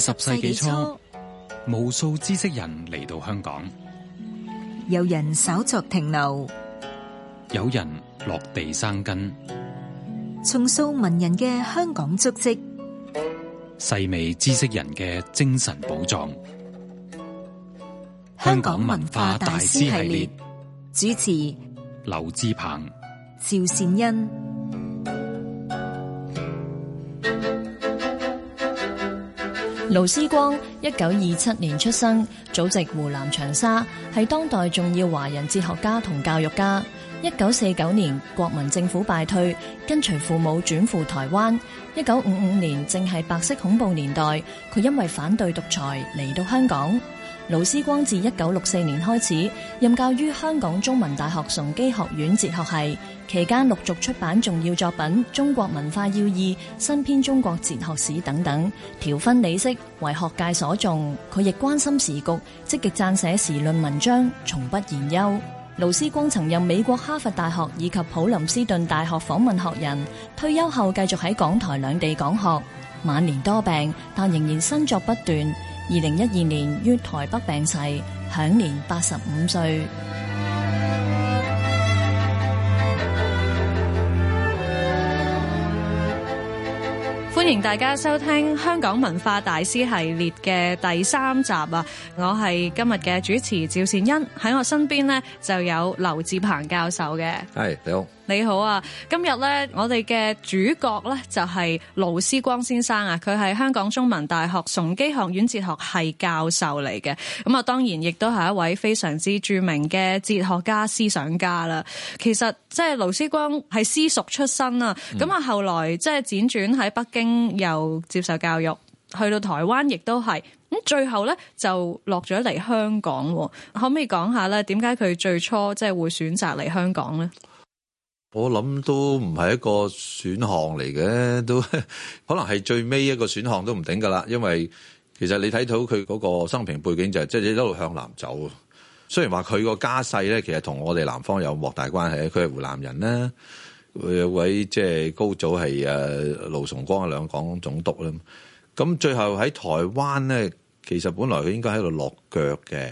十世紀初，初，無數知識人嚟到香港，有人稍作停留，有人落地生根，重塑文人嘅香港足跡，細味知識人嘅精神寶藏。香港文化大師系列主持：劉志鵬、趙善恩。勞思光，一九二七年出生，祖籍湖南長沙，係當代重要華人哲學家同教育家。一九四九年國民政府敗退，跟隨父母轉赴台灣。一九五五年正係白色恐怖年代，佢因為反對獨裁嚟到香港。勞思光自1964年開始任教於香港中文大學崇基學院哲學系，期間陸續出版重要作品《中國文化要義》《新編中國哲學史》等等，條分理析，為學界所重。佢亦關心時局，積極撰寫時論文章，從不言休。勞思光曾任美國哈佛大學以及普林斯頓大學訪問學人，退休後繼續喺港台兩地講學。晚年多病，但仍然新作不斷。二零一二年於台北病逝，享年八十五歲。歡迎大家收聽《香港文化大師系列》嘅第三集啊！我係今日嘅主持趙善恩，喺我身邊呢就有劉志鵬教授嘅。係，你好。你好啊，今日咧，我哋嘅主角咧就係勞思光先生啊，佢係香港中文大學崇基學院哲學系教授嚟嘅。咁啊，當然亦都係一位非常之著名嘅哲學家、思想家啦。其實即係勞思光係私塾出身啊，咁、嗯、啊，後來即係輾轉喺北京又接受教育，去到台灣亦都係，咁最後咧就落咗嚟香港。可唔可以講下咧，點解佢最初即係會選擇嚟香港咧？我諗都唔係一個選項嚟嘅，都可能係最尾一個選項都唔定㗎喇。因為其實你睇到佢嗰個生平背景就係，即係一路向南走。雖然話佢個家世咧，其實同我哋南方有莫大關係。佢係湖南人啦，有位即係高祖係誒勞崇光嘅兩廣總督啦。咁最後喺台灣咧，其實本來佢應該喺度落腳嘅。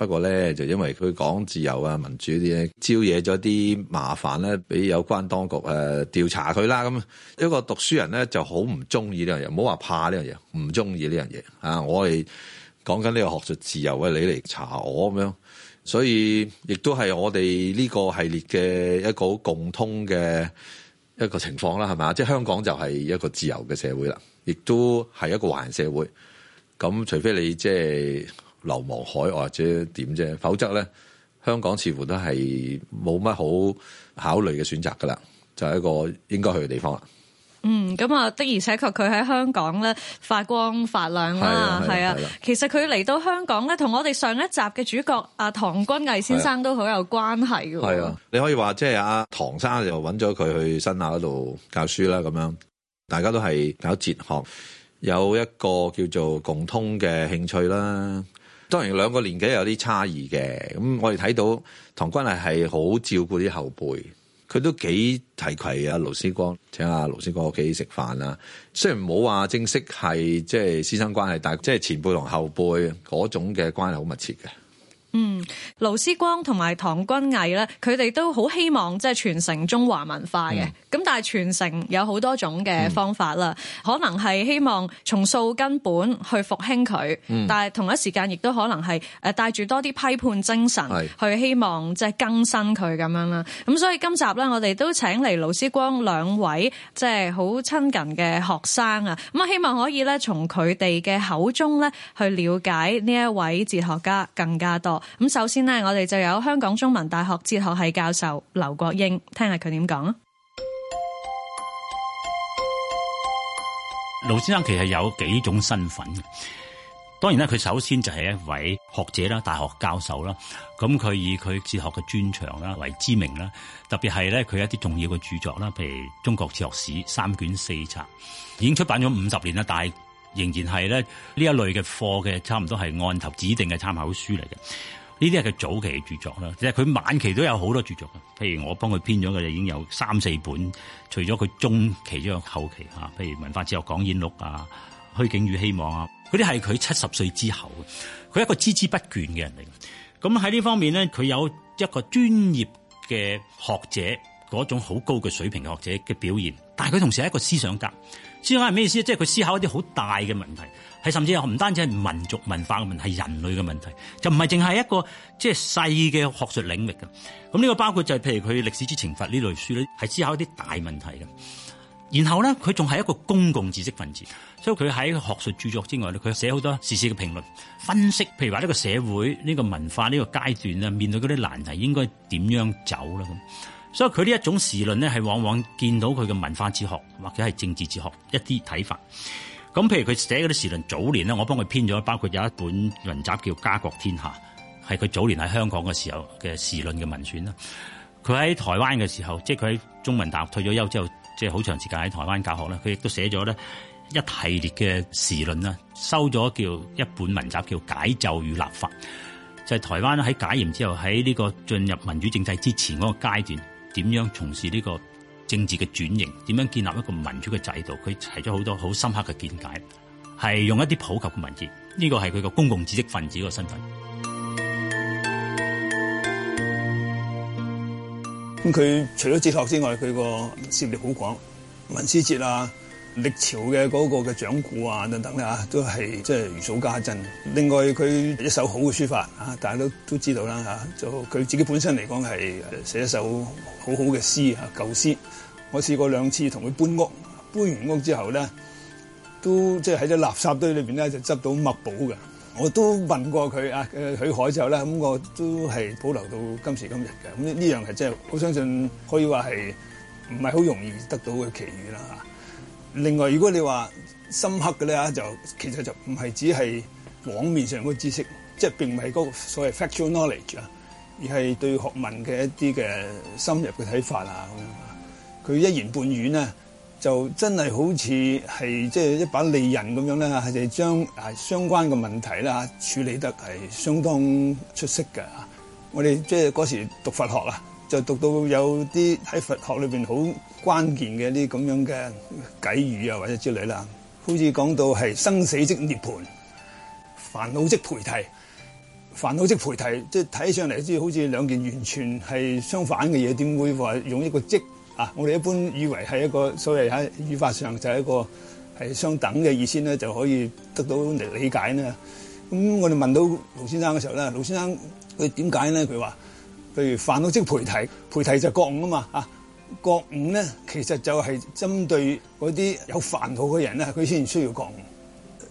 不過咧，就因為佢講自由啊、民主啲嘢，招惹咗啲麻煩咧，俾有關當局誒調查佢啦。咁一個讀書人咧，就好唔中意呢樣嘢，唔好話怕呢樣嘢，唔中意呢樣嘢啊！我哋講緊呢個學術自由嘅，你嚟查我咁樣，所以亦都係我哋呢個系列嘅一個共通嘅一個情況啦，係咪？即係香港就係一個自由嘅社會啦，亦都係一個華人社會。咁除非你即係。就是流亡海外或者點啫？否則咧，香港似乎都係冇乜好考慮嘅選擇噶啦，就係、是、一個應該去嘅地方啦。嗯，咁啊，的而且確佢喺香港咧發光發亮啦。係啊，啊，啊，啊，啊。其實佢嚟到香港咧，同我哋上一集嘅主角阿唐君毅先生、啊、都好有關係嘅。係啊，你可以話即係阿唐生就揾咗佢去新亞嗰度教書啦，咁樣大家都係搞哲學，有一個叫做共通嘅興趣啦。當然兩個年紀有啲差異嘅，咁我哋睇到唐君毅係好照顧啲後輩，佢都幾提攜啊勞思光，請阿勞思光屋企食飯啦。雖然冇話正式係即係師生關係，但即係前輩同後輩嗰種嘅關係好密切嘅。嗯，勞思光同埋唐君毅咧，佢哋都好希望即係傳承中華文化嘅。咁、嗯、但係傳承有好多種嘅方法啦、嗯，可能係希望重塑根本去復興佢、嗯，但係同一時間亦都可能係誒帶住多啲批判精神去希望即係更新佢咁樣啦。咁所以今集咧，我哋都請嚟勞思光兩位即係好親近嘅學生啊，咁啊希望可以咧從佢哋嘅口中咧去了解呢一位哲學家更加多。咁首先呢，我哋就有香港中文大學哲學系教授劉國英，聽下佢點講啊？勞先生其實有幾種身份，當然咧，佢首先就係一位學者啦、大學教授啦。咁佢以佢哲學嘅專長啦為知名啦，特別係咧佢一啲重要嘅著作啦，譬如《中國哲學史》三卷四冊已經出版咗五十年啦大。但仍然係咧呢一類嘅課嘅，差唔多係案頭指定嘅參考書嚟嘅。呢啲係佢早期嘅著作啦，即係佢晚期都有好多著作嘅。譬如我幫佢編咗嘅，就已經有三四本。除咗佢中期，仲有後期，譬如《文化哲學講演錄》啊，《虛境與希望》啊，啲係佢七十歲之後，佢一個孜孜不倦嘅人嚟。咁喺呢方面咧，佢有一個專業嘅學者嗰種好高嘅水平嘅學者嘅表現。但係佢同時係一個思想家，思想家係咩意思？即係佢思考一啲好大嘅問題，係甚至又唔單止係民族文化嘅問題，係人類嘅問題，就唔係淨係一個即係細嘅學術領域嘅。咁呢個包括就係譬如佢《歷史之懲罰》呢類書咧，係思考一啲大問題嘅。然後咧，佢仲係一個公共知識分子，所以佢喺學術著作之外佢寫好多時事嘅評論、分析。譬如話呢個社會、呢個文化、呢個階段啦，面對嗰啲難題應該點樣走啦咁。所以佢呢一種時論呢，係往往見到佢嘅文化哲學或者係政治哲學一啲睇法。咁譬如佢寫嗰啲時論，早年呢，我幫佢編咗，包括有一本文集叫《家國天下》，係佢早年喺香港嘅時候嘅時論嘅文選啦。佢喺台灣嘅時候，即係佢喺中文大學退咗休之後，即係好長時間喺台灣教學啦。佢亦都寫咗咧一系列嘅時論啦，收咗叫一本文集叫《解咒與立法》，就係台灣喺解嚴之後，喺呢個進入民主政制之前嗰個階段。點樣從事呢個政治嘅轉型？點樣建立一個民主嘅制度？佢提咗好多好深刻嘅見解，係用一啲普及嘅文字。呢個係佢個公共知識分子個身份。咁佢除咗哲學之外，佢個涉獵好廣，文思哲啊。歷朝嘅嗰個嘅掌故啊等等咧、啊、嚇，都係即係如數家珍。另外佢一手好嘅書法嚇、啊，大家都都知道啦嚇。就佢自己本身嚟講係寫一首好好嘅詩嚇，舊詩。我試過兩次同佢搬屋，搬完屋之後咧，都即係喺啲垃圾堆裏邊咧就執到墨寶嘅。我都問過佢啊許海之後咧，咁、嗯、我都係保留到今時今日嘅。咁、嗯、呢樣係真係好相信可以話係唔係好容易得到嘅奇遇啦嚇。另外，如果你話深刻嘅咧，就其實就唔係只係網面上嗰知識，即係並唔係個所謂 factual knowledge 啊，而係對學問嘅一啲嘅深入嘅睇法啊。咁樣，佢一言半語咧，就真係好似係即係一把利刃咁樣咧，係、就係、將啊相關嘅問題啦處理得係相當出色嘅。我哋即係嗰時讀佛學啦。就讀到有啲喺佛學裏邊好關鍵嘅啲咁樣嘅偈語啊，或者之類啦，好似講到係生死即涅盤，煩惱即菩提，煩惱即菩提，即係睇上嚟即係好似兩件完全係相反嘅嘢，點會話用一個即啊？我哋一般以為係一個所謂喺語法上就係一個係相等嘅意思咧，就可以得到嚟理解呢。咁我哋問到勞先生嘅時候咧，勞先生佢點解咧？佢話。譬如煩惱即菩提，菩提就覺悟啊嘛嚇！覺悟咧，其實就係針對嗰啲有煩惱嘅人咧，佢先需要覺悟。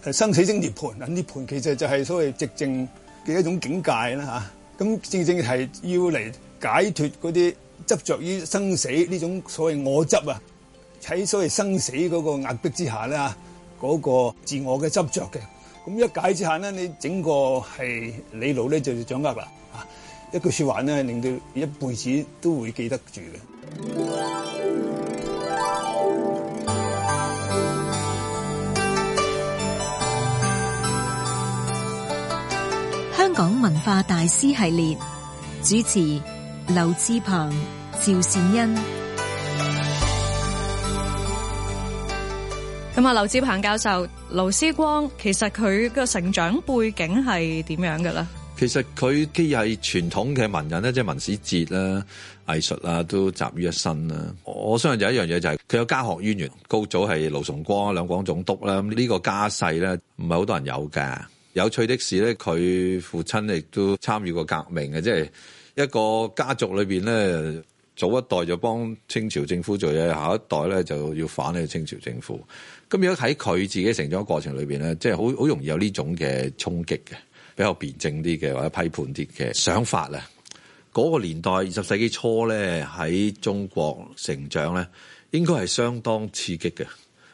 呃、生死即涅盤啊！涅盤其實就係所謂寂靜嘅一種境界啦咁，啊、正正係要嚟解脱嗰啲執着於生死呢種所謂我執啊，喺所謂生死嗰個壓迫之下咧，嗰、嗰個自我嘅執着嘅，咁一解之下咧，你整個係你腦咧就要掌握啦一句說話咧，令到一輩子都會記得住嘅。香港文化大師系列主持劉志鵬、趙善恩。咁啊，劉志鵬教授，勞思光，其實佢個成長背景係點樣嘅咧？其實佢既係傳統嘅文人咧，即係文史哲啦、藝術啦，都集於一身啦。我相信有一樣嘢就係、是、佢有家學淵源，高祖係勞崇光兩廣總督啦。咁、這、呢個家世咧，唔係好多人有嘅。有趣的是咧，佢父親亦都參與過革命嘅，即係一個家族裏面，咧，早一代就幫清朝政府做嘢，下一代咧就要反呢清，清朝政府。咁如果喺佢自己成長過程裏面，咧，即係好好容易有呢種嘅衝擊嘅。比較辯證啲嘅，或者批判啲嘅想法咧，嗰、那個年代二十世紀初咧喺中國成長咧，應該係相當刺激嘅。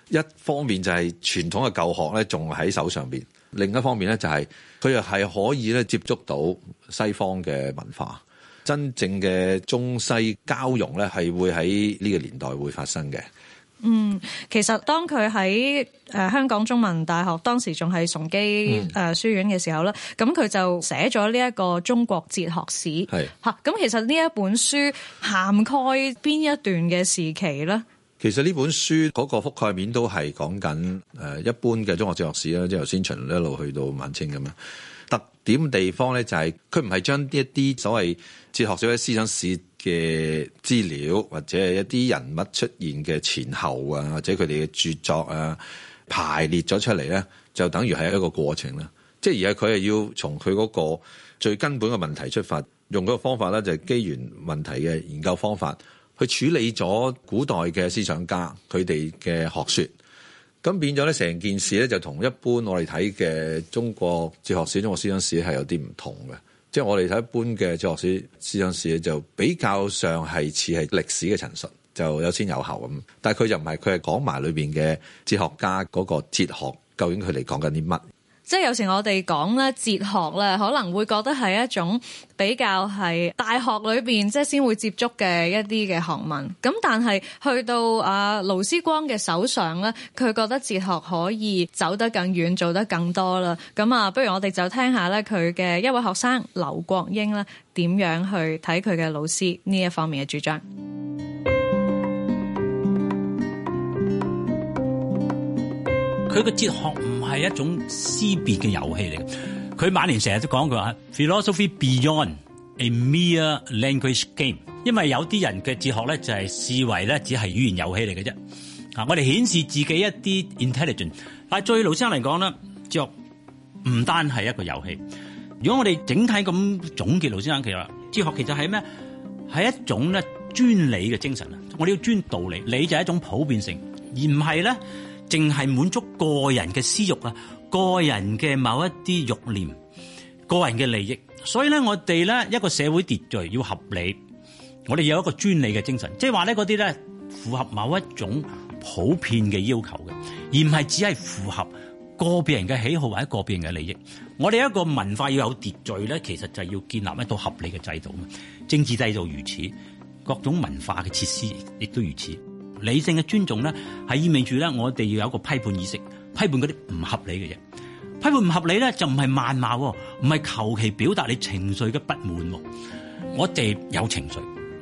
一方面就係傳統嘅舊學咧，仲喺手上邊；另一方面咧就係佢又係可以咧接觸到西方嘅文化，真正嘅中西交融咧，係會喺呢個年代會發生嘅。嗯，其實當佢喺誒香港中文大學當時仲係崇基誒、呃、書院嘅時候啦，咁、嗯、佢就寫咗呢一個中國哲學史。係，嚇、嗯、咁其實呢一本書涵蓋邊一段嘅時期咧？其實呢本書嗰個覆蓋面都係講緊誒一般嘅中國哲學史啦，即係由先秦一路去到晚清咁樣。特點的地方咧就係佢唔係將呢一啲所謂哲學史嘅思想史嘅資料或者係一啲人物出現嘅前後啊，或者佢哋嘅著作啊排列咗出嚟咧，就等於係一個過程啦。即係而家，佢係要從佢嗰個最根本嘅問題出發，用嗰個方法咧，就係機緣問題嘅研究方法去處理咗古代嘅思想家佢哋嘅學説，咁變咗咧成件事咧就同一般我哋睇嘅中國哲學史、中國思想史係有啲唔同嘅。即係我哋睇一般嘅哲學史、思想史咧，就比較上係似係歷史嘅陳述，就有先有後咁。但係佢又唔係，佢係講埋裏邊嘅哲學家嗰個哲學，究竟佢哋講緊啲乜？即係有時我哋講咧哲學咧，可能會覺得係一種比較係大學裏面即係先會接觸嘅一啲嘅學問。咁但係去到阿勞思光嘅手上咧，佢覺得哲學可以走得更遠，做得更多啦。咁啊，不如我哋就聽下咧佢嘅一位學生劉國英咧，點樣去睇佢嘅老師呢一方面嘅主張。佢個哲學唔係一種思辨嘅遊戲嚟嘅，佢晚年成日都講，佢話 philosophy beyond a mere language game。因為有啲人嘅哲學咧就係視為咧只係語言遊戲嚟嘅啫。啊，我哋顯示自己一啲 intelligent，但係對於勞先生嚟講咧，哲學唔單係一個遊戲。如果我哋整體咁總結，勞先生其實哲學其實係咩？係一種咧尊理嘅精神啊！我哋要尊道理，理就係一種普遍性，而唔係咧。淨係滿足個人嘅私欲啊，個人嘅某一啲欲念，個人嘅利益。所以咧，我哋咧一個社會秩序要合理，我哋有一個專利嘅精神，即係話咧嗰啲咧符合某一種普遍嘅要求嘅，而唔係只係符合個別人嘅喜好或者個別人嘅利益。我哋一個文化要有秩序咧，其實就係要建立一套合理嘅制度。政治制度如此，各種文化嘅設施亦都如此。理性嘅尊重咧，係意味住咧，我哋要有一個批判意識，批判嗰啲唔合理嘅嘢。批判唔合理咧，就唔係謾罵，唔係求其表達你情緒嘅不滿。我哋有情緒，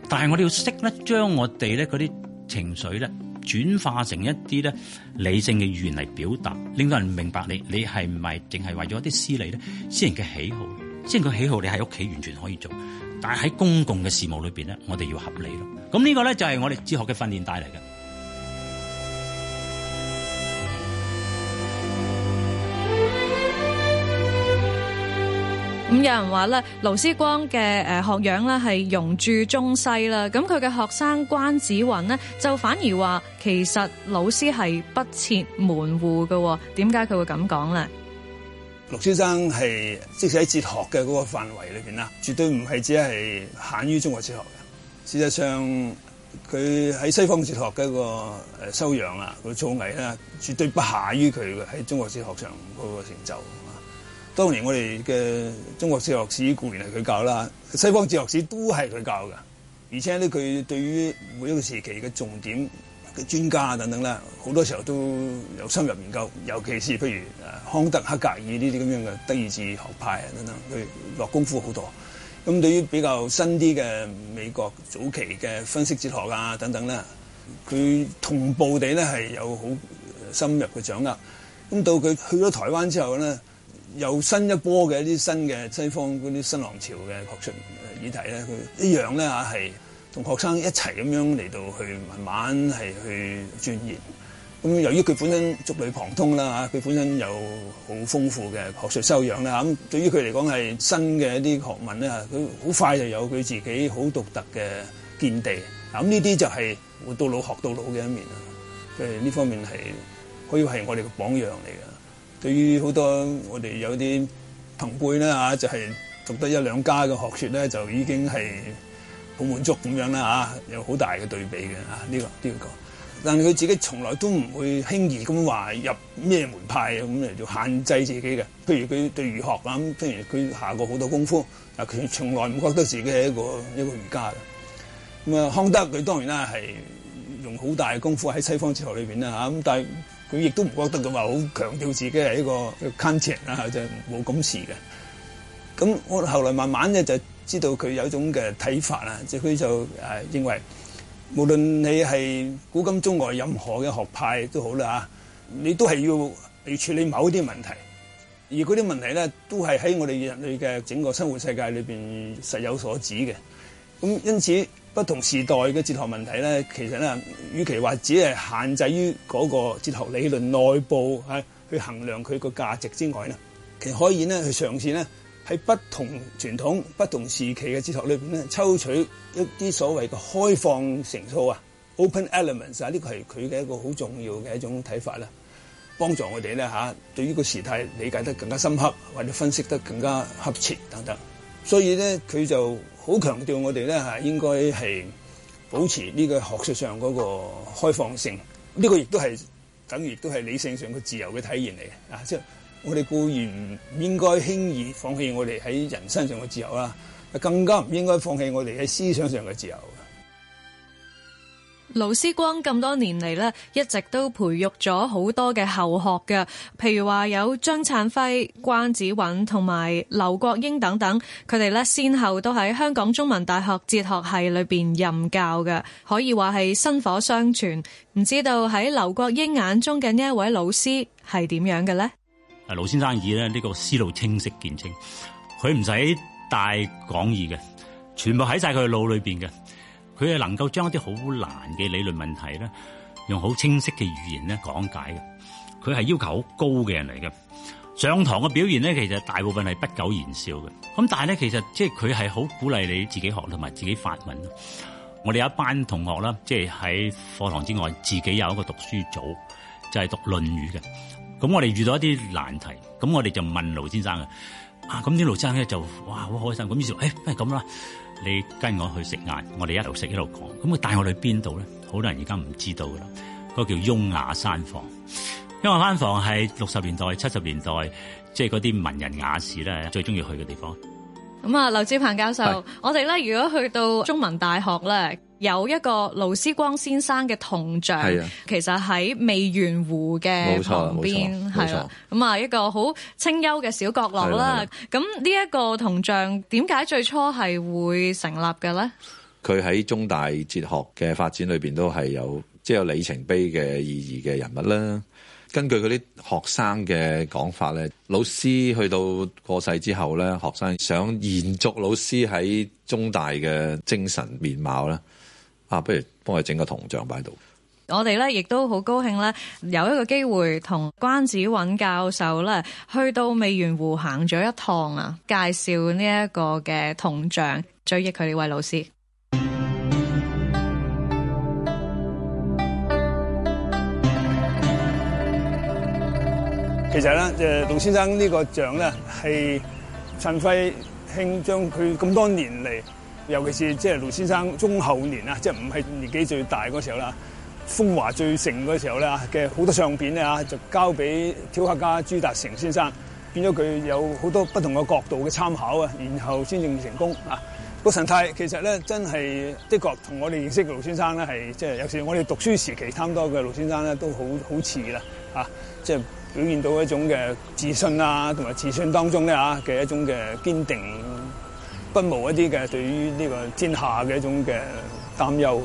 但係我哋要識咧，將我哋咧嗰啲情緒咧，轉化成一啲咧理性嘅語言嚟表達，令到人明白你，你係咪淨係為咗一啲私利咧，私人嘅喜好，私人嘅喜好，你喺屋企完全可以做。但係喺公共嘅事務裏邊咧，我哋要合理咯。咁呢個咧就係我哋哲學嘅訓練帶嚟嘅。咁有人話咧，盧思光嘅誒學樣咧係融注中西啦。咁佢嘅學生關子尹呢，就反而話，其實老師係不設門戶嘅。點解佢會咁講咧？勞先生係即使喺哲學嘅嗰個範圍裏邊啦，絕對唔係只係限於中國哲學嘅。事實上，佢喺西方哲學嘅一個、呃、修養啊、個造詣啦，絕對不下於佢喺中國哲學上嗰個成就。當年我哋嘅中國哲學史固然係佢教啦，西方哲學史都係佢教嘅。而且咧，佢對於每一個時期嘅重點嘅專家等等啦，好多時候都有深入研究，尤其是譬如康德、黑格爾呢啲咁樣嘅德意志學派等等，佢落功夫好多。咁對於比較新啲嘅美國早期嘅分析哲學啊等等咧，佢同步地咧係有好深入嘅掌握。咁到佢去咗台灣之後咧，有新一波嘅一啲新嘅西方嗰啲新浪潮嘅學術議題咧，佢一樣咧嚇係。同學生一齊咁樣嚟到去慢慢係去鑽研，咁由於佢本身觸類旁通啦，佢本身有好豐富嘅學術修養啦嚇，對於佢嚟講係新嘅一啲學問咧，佢好快就有佢自己好獨特嘅見地，咁呢啲就係活到老學到老嘅一面啊！佢呢方面係可以係我哋嘅榜樣嚟嘅，對於好多我哋有啲朋輩咧就係、是、讀得一兩家嘅學術咧，就已經係。好滿足咁樣啦、啊、嚇，有好大嘅對比嘅嚇，呢個呢、這個。但係佢自己從來都唔會輕易咁話入咩門派咁嚟做限制自己嘅。譬如佢對儒學啊，譬如佢下過好多功夫，但係佢從來唔覺得自己係一個一個儒家嘅。咁、嗯、啊，康德佢當然啦係用好大嘅功夫喺西方哲學裏邊啦嚇，咁、啊、但係佢亦都唔覺得佢話好強調自己係一個康哲啦，即係冇咁事嘅。咁、就、我、是嗯、後來慢慢咧就。知道佢有一種嘅睇法啊，即係佢就誒、是、認為無論你係古今中外任何嘅學派都好啦吓，你都係要要處理某啲問題，而嗰啲問題咧都係喺我哋人類嘅整個生活世界裏邊實有所指嘅。咁因此，不同時代嘅哲學問題咧，其實咧，與其話只係限制於嗰個哲學理論內部係去衡量佢個價值之外咧，其實可以咧去嘗試咧，喺不同傳統、不同時期嘅哲學裏面咧，抽取一啲所謂嘅開放成素啊，open elements 啊，呢個係佢嘅一個好重要嘅一種睇法啦，幫助我哋咧吓對呢個時態理解得更加深刻，或者分析得更加恰切等等。所以咧，佢就好強調我哋咧吓應該係保持呢個學術上嗰個開放性，呢、呢個亦都係等，亦都係理性上嘅自由嘅體現嚟嘅啊！即我哋固然唔應該輕易放棄我哋喺人身上嘅自由啦，更加唔應該放棄我哋喺思想上嘅自由。勞思光咁多年嚟呢，一直都培育咗好多嘅後學嘅，譬如話有張燦輝、關子尹同埋劉國英等等。佢哋呢，先後都喺香港中文大學哲學系裏邊任教嘅，可以話係薪火相傳。唔知道喺劉國英眼中嘅呢一位老師係點樣嘅呢？誒，勞先生以咧，呢個思路清晰見清，佢唔使帶講義嘅，全部喺晒佢腦裏邊嘅，佢係能夠將一啲好難嘅理論問題咧，用好清晰嘅語言咧講解嘅。佢係要求好高嘅人嚟嘅，上堂嘅表現咧，其實大部分係不苟言笑嘅。咁但係咧，其實即係佢係好鼓勵你自己學同埋自己發文。我哋有一班同學啦，即係喺課堂之外自己有一個讀書組，就係讀《論語》嘅。咁我哋遇到一啲難題，咁我哋就問勞先生嘅。啊咁啲勞先生咧就哇好開心，咁於是誒，不如咁啦，你跟我去食晏，我哋一路食一路講，咁佢帶我哋去邊度咧？好多人而家唔知道㗎啦，個叫雍雅山房，雍雅山房係六十年代、七十年代即係嗰啲文人雅士咧最中意去嘅地方。咁啊，劉志鵬教授，我哋咧如果去到中文大學咧。有一個勞思光先生嘅銅像的，其實喺未圓湖嘅旁邊，係啦，咁啊、嗯嗯嗯、一個好清幽嘅小角落啦。咁呢一個銅像點解最初係會成立嘅呢？佢喺中大哲學嘅發展裏邊都係有即係、有、里程碑嘅意義嘅人物啦。根據嗰啲學生嘅講法咧，老師去到過世之後咧，學生想延續老師喺中大嘅精神面貌啦。啊、不如幫佢整個銅像擺喺度。我哋咧亦都好高興咧，有一個機會同關子尹教授咧，去到美園戶行咗一趟啊，介紹呢一個嘅銅像，追憶佢呢位老師。其實咧，誒，董先生呢個像咧，係陳輝慶將佢咁多年嚟。尤其是即係盧先生中後年啊，即係唔係年紀最大嗰時候啦，風華最盛嗰時候咧，嘅好多相片咧啊，就交俾雕刻家朱達成先生，變咗佢有好多不同嘅角度嘅參考啊，然後先至成功啊。個神態其實咧真係的確同我哋認識嘅盧先生咧，係即係有時我哋讀書時期貪多嘅盧先生咧都好好似啦嚇，即係、啊就是、表現到一種嘅自信啊，同埋自信當中咧嚇嘅一種嘅堅定。不無一啲嘅對於呢個天下嘅一種嘅擔憂。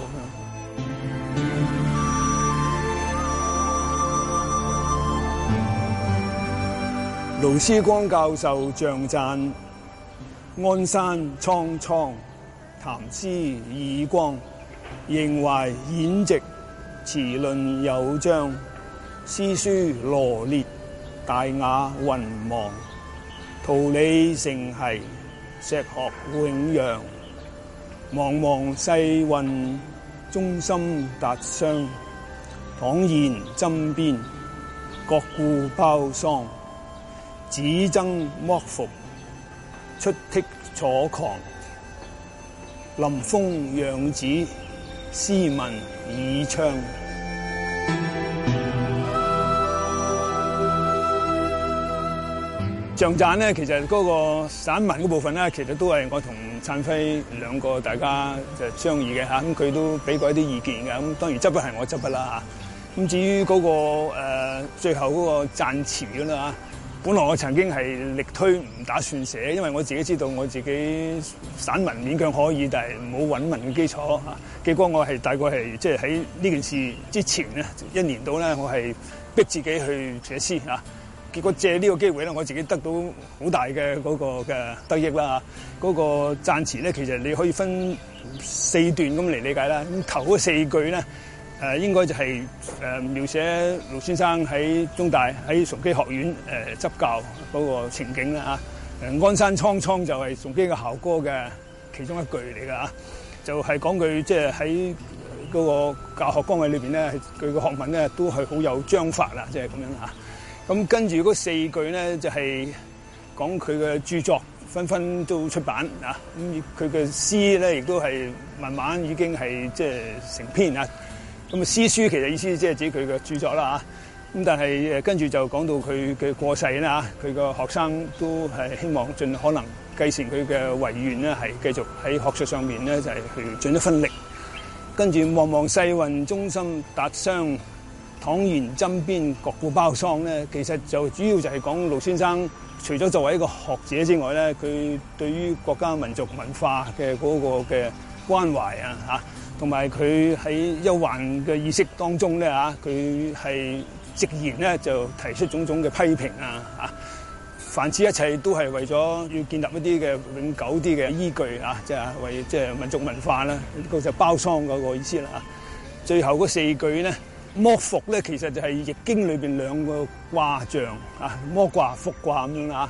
勞思光教授像讚，安山蒼蒼，談詩以光，形懷演席，詞論有章，詩書羅列，大雅雲茫，桃李成系。石學永揚，茫茫世運，忠心達傷，倘言針砭，各故包桑。只爭莫服，出惕楚狂。臨風讓子，斯文以昌。上贊咧，其實嗰個散文嗰部分咧，其實都係我同陳輝兩個大家就商議嘅嚇，咁、啊、佢都俾過一啲意見嘅，咁、啊、當然執筆係我執筆啦嚇。咁、啊、至於嗰、那個、呃、最後嗰個贊詞啦嚇，本來我曾經係力推唔打算寫，因為我自己知道我自己散文勉強可以，但係冇韻文嘅基礎嚇、啊。結果我係大概係即係喺呢件事之前咧一年到咧，我係逼自己去寫詩嚇。啊。結果借這個機會呢個機會咧，我自己得到好大嘅嗰個嘅得益啦嚇。嗰、那個讚詞咧，其實你可以分四段咁嚟理解啦。咁頭嗰四句咧，誒、呃、應該就係、是、誒、呃、描寫勞先生喺中大喺崇基學院、呃、執教嗰個情景啦、啊呃、安山蒼蒼就係崇基嘅校歌嘅其中一句嚟㗎，就係講佢即係喺嗰個教學崗位裏面咧，佢嘅學問咧都係好有章法啦，即係咁樣咁跟住嗰四句咧，就係講佢嘅著作，紛紛都出版啊！咁佢嘅詩咧，亦都係慢慢已經係即係成篇啊！咁詩書其實意思即係指佢嘅著作啦咁、啊、但係、啊、跟住就講到佢嘅過世啦，佢個學生都係希望盡可能繼承佢嘅遺願咧，係繼續喺學術上面咧就係、是、去盡一分力。跟住望望世運，中心達商。躺原針砭各故包桑咧，其實就主要就係講勞先生除咗作為一個學者之外咧，佢對於國家民族文化嘅嗰個嘅關懷啊嚇，同埋佢喺憂患嘅意識當中咧嚇，佢、啊、係直言咧就提出種種嘅批評啊嚇，凡此一切都係為咗要建立一啲嘅永久啲嘅依據啊，即、就、係、是、為即係民族文化啦，呢、那個就係包桑嗰個意思啦啊，最後嗰四句咧。剝復咧，其實就係、是、易經裏邊兩個卦象啊，剝卦、復卦咁樣啊，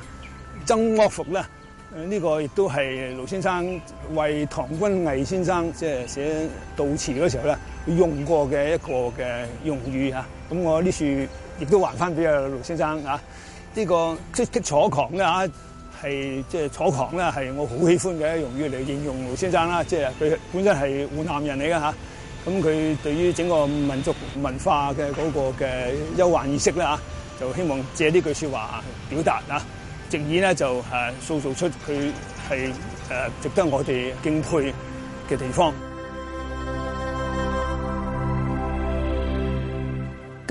曾剝復咧，呢、這個亦都係勞先生為唐君毅先生即寫悼詞嗰時候咧用過嘅一個嘅用語嚇。咁我呢處亦都還翻俾阿勞先生嚇。呢、這個即即楚狂咧嚇，係即楚狂咧係我好喜歡嘅用語嚟形容勞先生啦，即係佢本身係湖南人嚟嘅咁佢對於整個民族文化嘅嗰個嘅憂患意識咧吓，就希望借呢句說話表達啊，直言咧就誒訴述出佢係誒值得我哋敬佩嘅地方。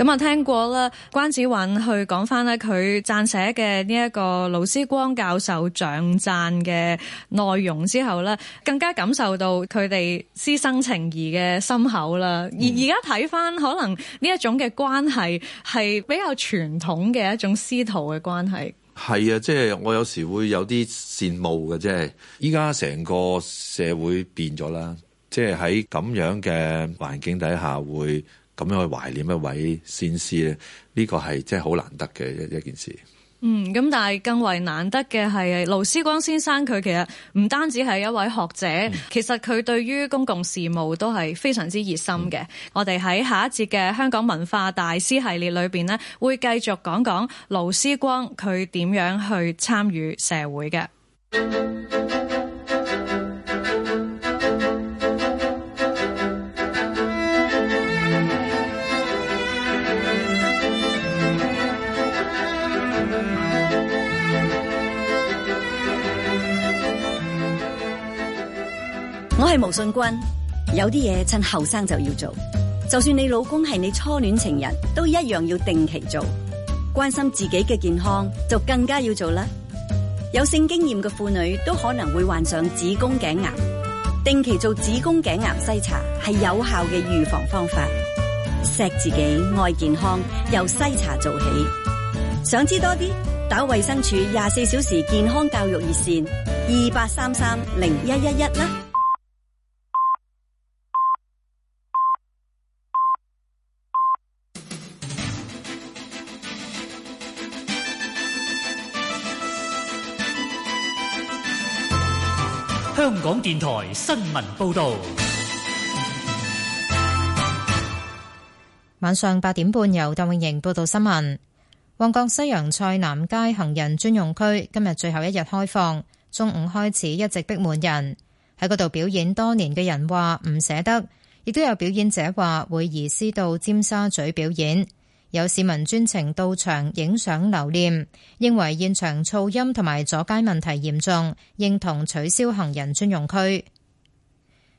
咁啊，聽過啦，關子韻去講翻咧，佢撰寫嘅呢一個勞思光教授獎讚嘅內容之後咧，更加感受到佢哋師生情誼嘅深厚啦。而而家睇翻，可能呢一種嘅關係係比較傳統嘅一種師徒嘅關係。係啊，即係我有時會有啲羨慕嘅，即係依家成個社會變咗啦，即係喺咁樣嘅環境底下會。咁樣去懷念一位先師咧，呢、這個係真係好難得嘅一一件事。嗯，咁但係更為難得嘅係勞思光先生佢其實唔單止係一位學者，嗯、其實佢對於公共事務都係非常之熱心嘅、嗯。我哋喺下一節嘅香港文化大師系列裏邊呢，會繼續講講勞思光佢點樣去參與社會嘅。我係毛舜筠，有啲嘢趁後生就要做，就算你老公係你初戀情人，都一樣要定期做。關心自己嘅健康，就更加要做啦。有性經驗嘅婦女都可能會患上子宮頸癌，定期做子宮頸癌篩查係有效嘅預防方法。錫自己，愛健康，由篩查做起。想知多啲，打衛生署廿四小時健康教育熱線，二八三三零一一一啦。港電台新聞報道：晚上八點半，由鄧穎盈報道新聞。旺角西洋菜南街行人專用區今日最後一日開放，中午開始一直逼滿人。喺嗰度表演多年嘅人話唔捨得，亦都有表演者話會移師到尖沙咀表演。有市民專程到場影相留念，認為現場噪音同埋阻街問題嚴重，認同取消行人專用區。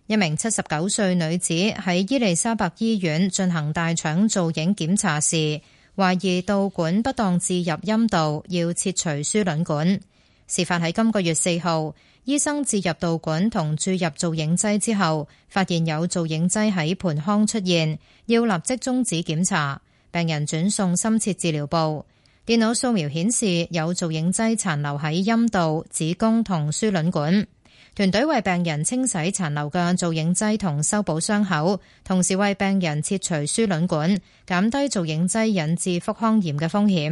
一名七十九歲女子喺伊利沙伯醫院進行大腸造影檢查時，懷疑導管不當置入陰道，要切除輸卵管。事發喺今個月四號，醫生置入導管同注入造影劑之後，發現有造影劑喺盆腔出現，要立即終止檢查。病人轉送深切治療部，電腦掃描顯示有造影劑殘留喺陰道、子宮同輸卵管。團隊為病人清洗殘留嘅造影劑同修補傷口，同時為病人切除輸卵管，減低造影劑引致腹腔炎嘅風險。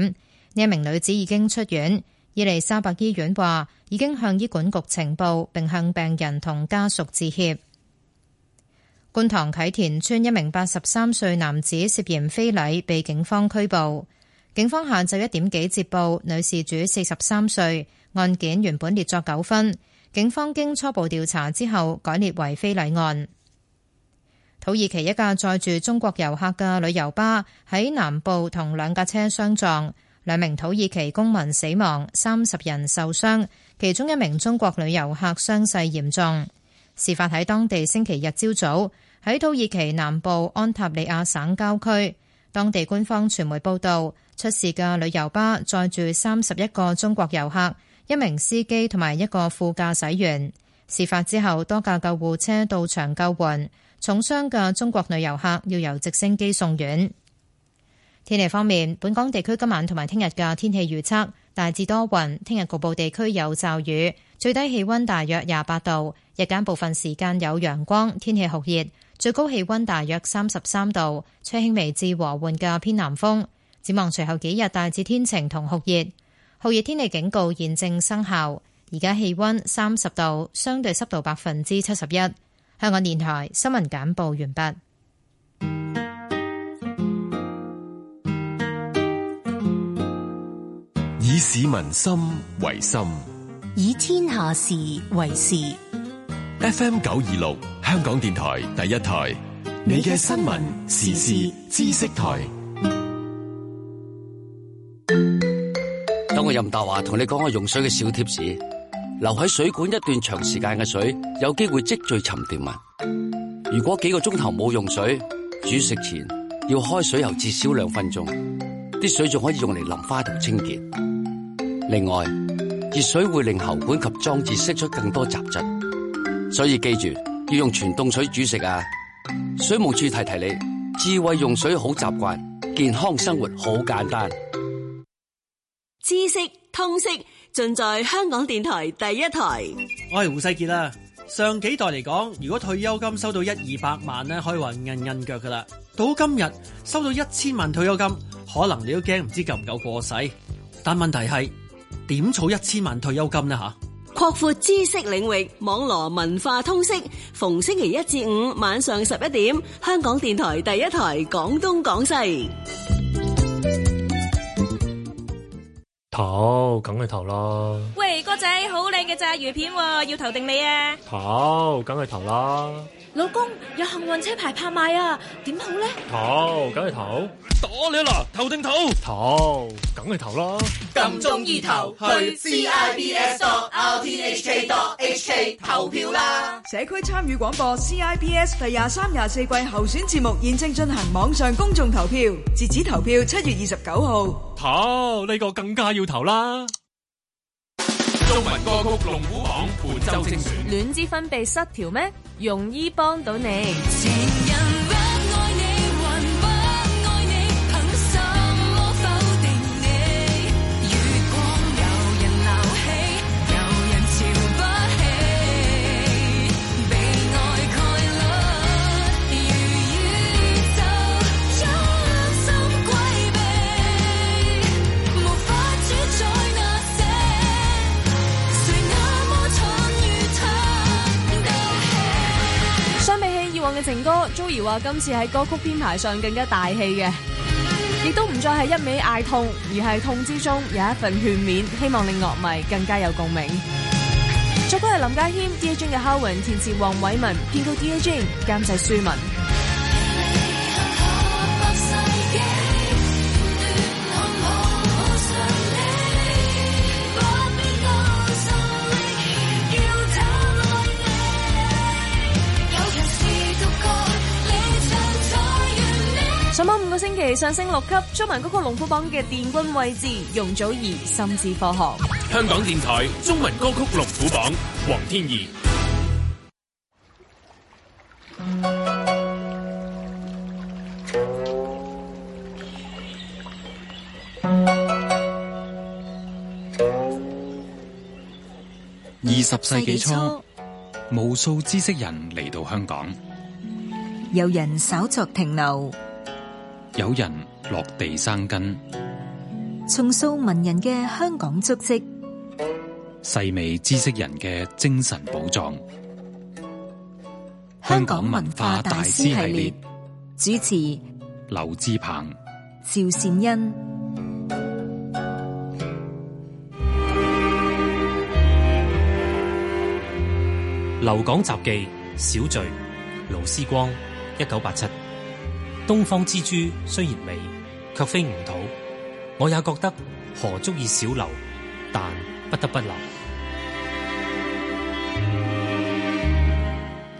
呢一名女子已經出院。伊利沙伯醫院話已經向醫管局呈報，並向病人同家屬致歉。觀塘啟田村一名八十三歲男子涉嫌非禮，被警方拘捕。警方下晝一點幾接報，女事主四十三歲，案件原本列作糾紛，警方經初步調查之後改列為非禮案。土耳其一架載住中國遊客嘅旅遊巴喺南部同兩架車相撞，兩名土耳其公民死亡，三十人受傷，其中一名中國旅遊客傷勢嚴重。事發喺當地星期日朝早，喺土耳其南部安塔利亞省郊區。當地官方傳媒報道，出事嘅旅遊巴載住三十一個中國遊客、一名司機同埋一個副駕駛員。事發之後，多架救護車到場救援，重傷嘅中國旅遊客要由直升機送院。天氣方面，本港地區今晚同埋聽日嘅天氣預測大致多雲，聽日局部地區有驟雨，最低氣溫大約廿八度。日間部分時間有陽光，天氣酷熱，最高氣溫大約三十三度，吹輕微至和緩嘅偏南風。展望隨後幾日，大致天晴同酷熱，酷熱天氣警告現正生效。而家氣溫三十度，相對濕度百分之七十一。香港電台新聞簡報完畢。以市民心為心，以天下事為事。FM 九二六，香港電台第一台，你嘅新聞時事知識台。當我任達華同你講我用水嘅小貼士，留喺水管一段長時間嘅水，有機會積聚沉澱物。如果幾個鐘頭冇用水，煮食前要開水喉至少兩分鐘，啲水仲可以用嚟淋花同清潔。另外，熱水會令喉管及裝置釋出更多雜質。所以記住要用全凍水煮食啊！水務處提提你，智慧用水好習慣，健康生活好簡單。知識通識盡在香港電台第一台。我係胡世杰啊。上幾代嚟講，如果退休金收到一二百萬咧，可以話韌韌腳噶啦。到今日收到一千萬退休金，可能你都驚唔知夠唔夠過世。但問題係點儲一千萬退休金呢？吓？擴闊知識領域，網羅文化通識。逢星期一至五晚上十一點，香港電台第一台廣東廣西。投梗係投啦！喂，哥仔，好靚嘅炸魚片，要投定你啊？投梗係投啦。老公，有幸運車牌拍賣啊，點好咧？投梗係投，打你啦！投定投，投梗係投啦！咁中意投，去 CIBS.RTHK.HK 投票啦！社區參與廣播 CIBS 第廿三廿四季候選節目現正進行網上公眾投票，截止投票七月二十九號。投，呢個更加要投啦！中文歌曲龍虎榜本周正選，戀之分泌失調咩？容易幫到你。情歌，Joey 話今次喺歌曲編排上更加大氣嘅，亦都唔再係一味嗌痛，而係痛之中有一份勸勉，希望令樂迷更加有共鳴。作曲係林家謙，DJ a 嘅 Howie，填詞黃偉文，編曲 DJ，a 監製舒文。星期上升六級，中文歌曲龍虎榜嘅冠軍位置，容祖兒，甚至科學。香港電台中文歌曲龍虎榜，黃天怡。二十世紀初，初，初，無數知識人嚟到香港，有人稍作停留。有人落地生根，重塑文人嘅香港足跡，細微知識人嘅精神寶藏。香港文化大師系列主持：劉志鵬、趙善恩。《留港雜記》小序，勞思光，一九八七。東方之珠雖然美，卻非吾土。我也覺得何足以小留，但不得不留。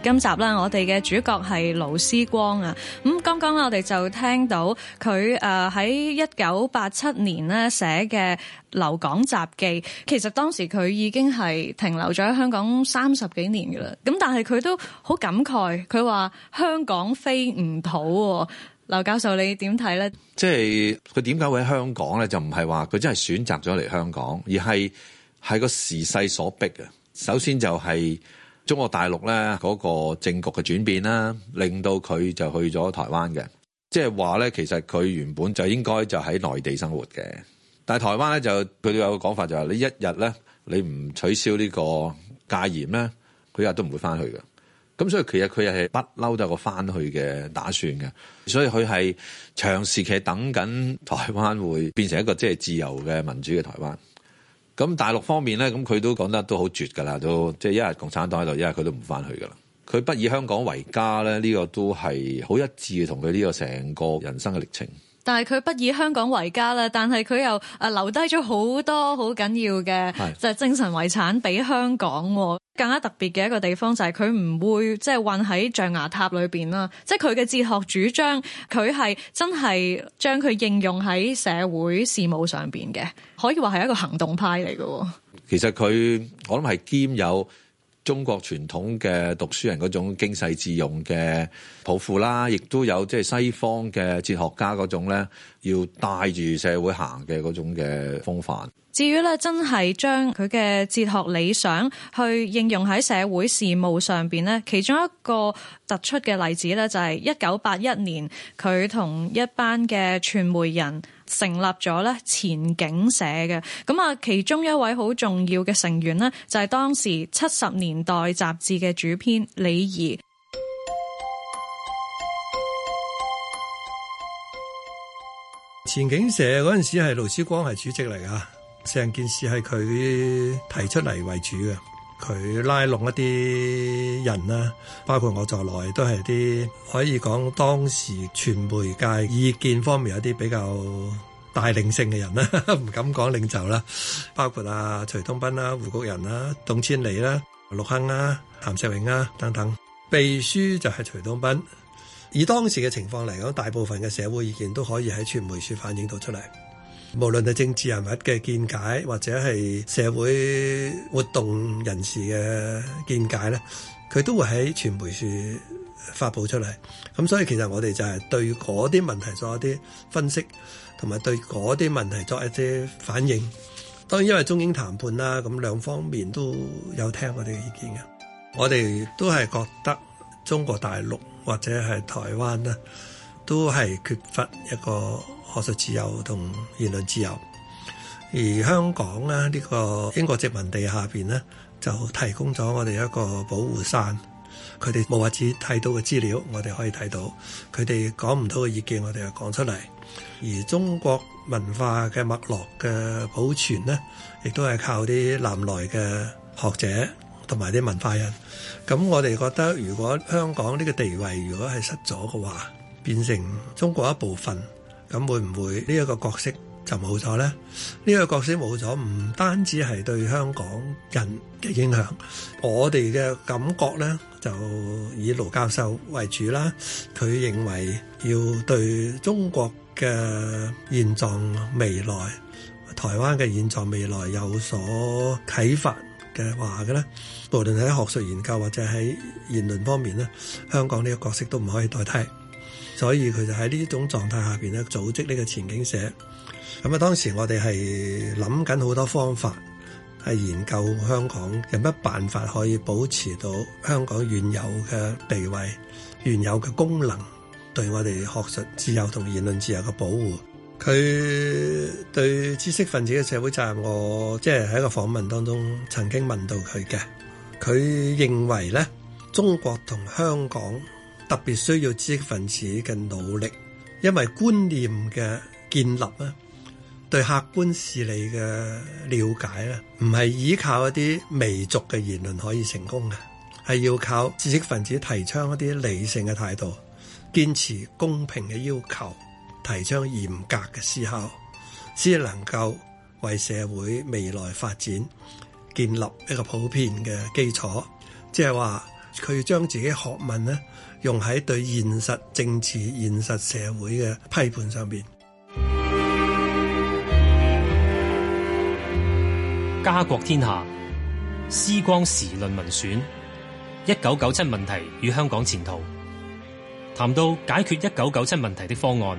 今集啦，我哋嘅主角係勞思光啊！咁剛剛我哋就聽到佢誒喺一九八七年咧寫嘅《留港雜記》，其實當時佢已經係停留咗喺香港三十幾年噶啦。咁但係佢都好感慨，佢話香港非吾土。劉教授你點睇咧？即係佢點解會喺香港咧？就唔係話佢真係選擇咗嚟香港，而係係個時勢所逼啊！首先就係、是。中國大陸咧嗰個政局嘅轉變啦，令到佢就去咗台灣嘅。即係話咧，其實佢原本就應該就喺內地生活嘅，但係台灣咧就佢哋有個講法就係、是、你一日咧你唔取消呢個戒嚴咧，佢日都唔會翻去嘅。咁所以其實佢係不嬲都有個翻去嘅打算嘅，所以佢係長時期等緊台灣會變成一個即係自由嘅民主嘅台灣。咁大陸方面咧，咁佢都講得都好絕噶啦，都即係一日共產黨喺度，一日佢都唔翻去噶啦。佢不以香港為家咧，呢個都係好一致同佢呢個成個人生嘅歷程。但係佢不以香港為家啦，但係佢又誒留低咗好多好緊要嘅就係精神遺產俾香港。更加特別嘅一個地方就係佢唔會即係混喺象牙塔裏邊啦，即係佢嘅哲學主張，佢係真係將佢應用喺社會事務上邊嘅，可以話係一個行動派嚟嘅。其實佢我諗係兼有中國傳統嘅讀書人嗰種經世致用嘅抱負啦，亦都有即係西方嘅哲學家嗰種咧，要帶住社會行嘅嗰種嘅風範。至於咧，真係將佢嘅哲學理想去應用喺社會事務上邊咧，其中一個突出嘅例子咧，就係一九八一年佢同一班嘅傳媒人成立咗咧前景社嘅。咁啊，其中一位好重要嘅成員咧，就係當時七十年代雜誌嘅主編李怡。前景社嗰陣時係勞思光係主席嚟啊！成件事係佢提出嚟為主嘅，佢拉攏一啲人啦，包括我在內，都係啲可以講當時傳媒界意見方面有啲比較帶領性嘅人啦，唔敢講領袖啦。包括阿徐東斌啦、胡國仁啦、董千里啦、陸亨啊、譚石榮啊等等，秘書就係徐東斌。以當時嘅情況嚟講，大部分嘅社會意見都可以喺傳媒處反映到出嚟。無論係政治人物嘅見解，或者係社會活動人士嘅見解咧，佢都會喺傳媒處發佈出嚟。咁所以其實我哋就係對嗰啲問題作一啲分析，同埋對嗰啲問題作一啲反應。當然因為中英談判啦，咁兩方面都有聽我哋嘅意見嘅。我哋都係覺得中國大陸或者係台灣咧，都係缺乏一個。學術自由同言論自由，而香港呢、呢個英國殖民地下邊呢，就提供咗我哋一個保護傘。佢哋冇法子睇到嘅資料，我哋可以睇到。佢哋講唔到嘅意見，我哋又講出嚟。而中國文化嘅脈絡嘅保存呢，亦都係靠啲南來嘅學者同埋啲文化人。咁我哋覺得，如果香港呢個地位如果係失咗嘅話，變成中國一部分。咁會唔會呢一個角色就冇咗呢？呢、呢個角色冇咗，唔單止係對香港人嘅影響，我哋嘅感覺呢，就以勞教授為主啦。佢認為要對中國嘅現狀未來、台灣嘅現狀未來有所啟發嘅話嘅呢，無論喺學術研究或者喺言論方面呢，香港呢個角色都唔可以代替。所以佢就喺呢種狀態下邊咧，組織呢個前景社。咁啊，當時我哋係諗緊好多方法，係研究香港有乜辦法可以保持到香港原有嘅地位、原有嘅功能，對我哋學術自由同言論自由嘅保護。佢對知識分子嘅社會責任，我即係喺一個訪問當中曾經問到佢嘅。佢認為呢，中國同香港，特別需要知識分子嘅努力，因為觀念嘅建立啊，對客觀事理嘅了解咧，唔係依靠一啲媚俗嘅言論可以成功嘅，係要靠知識分子提倡一啲理性嘅態度，堅持公平嘅要求，提倡嚴格嘅思考，先能夠為社會未來發展建立一個普遍嘅基礎。即係話佢將自己學問咧。用喺對現實政治、現實社會嘅批判上面。家國天下，《思光時論文選》一九九七問題與香港前途。談到解決一九九七問題的方案，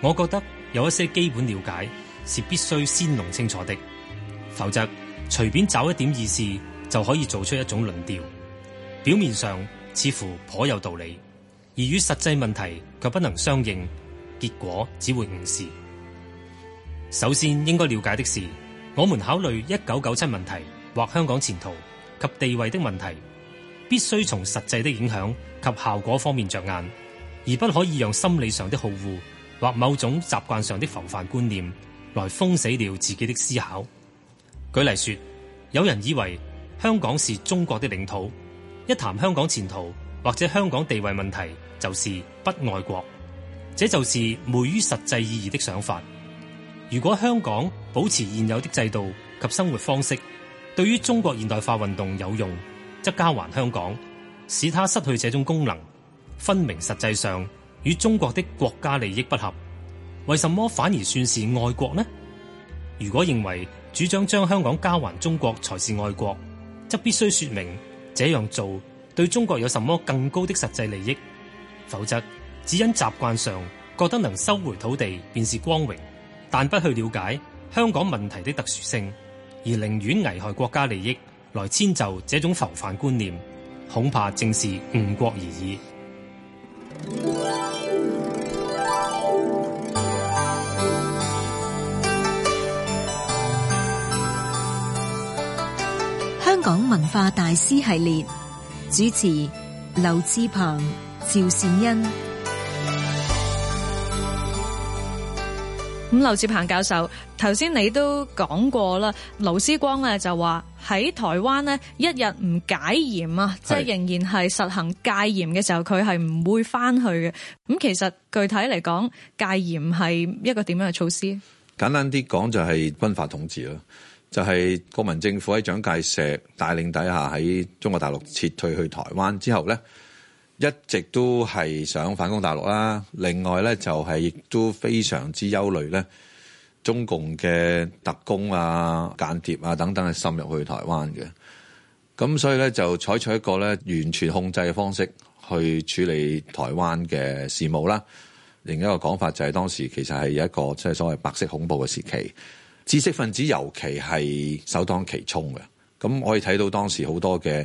我覺得有一些基本了解是必須先弄清楚的，否則隨便找一點意思就可以做出一種論調，表面上，似乎頗有道理，而與實際問題卻不能相應，結果只會誤事。首先應該了解的是，我們考慮一九九七問題或香港前途及地位的問題，必須從實際的影響及效果方面着眼，而不可以讓心理上的好惡或某種習慣上的浮泛觀念來封死了自己的思考。舉例說，有人以為香港是中國的領土。一談香港前途或者香港地位問題，就是不愛國，這就是昧於實際意義的想法。如果香港保持現有的制度及生活方式，對於中國現代化運動有用，則交還香港，使它失去這種功能，分明實際上與中國的國家利益不合。為什麼反而算是愛國呢？如果認為主張將香港交還中國才是愛國，則必須說明。這樣做對中國有什麼更高的實際利益？否則只因習慣上覺得能收回土地便是光榮，但不去了解香港問題的特殊性，而寧願危害國家利益來遷就這種浮泛觀念，恐怕正是誤國而已。 香港文化大師系列主持劉志鵬、趙善恩。咁劉志鵬教授，頭先你都講過啦，勞思光咧，就話喺台灣咧，一日唔解嚴啊，即係仍然係實行戒嚴嘅時候，佢係唔會翻去嘅。咁其實具體嚟講，戒嚴係一個點樣嘅措施？簡單啲講，就係軍法統治咯。就係、是、國民政府喺蔣介石帶領底下喺中國大陸撤退去台灣之後呢，一直都係想反攻大陸啦。另外呢，就係亦都非常之憂慮呢中共嘅特工啊、間諜啊等等係滲入去台灣嘅。咁所以呢，就採取一個呢完全控制嘅方式去處理台灣嘅事務啦。另一個講法就係當時其實係有一個即係所謂白色恐怖嘅時期。知識分子尤其係首當其衝嘅，咁我哋可以睇到當時好多嘅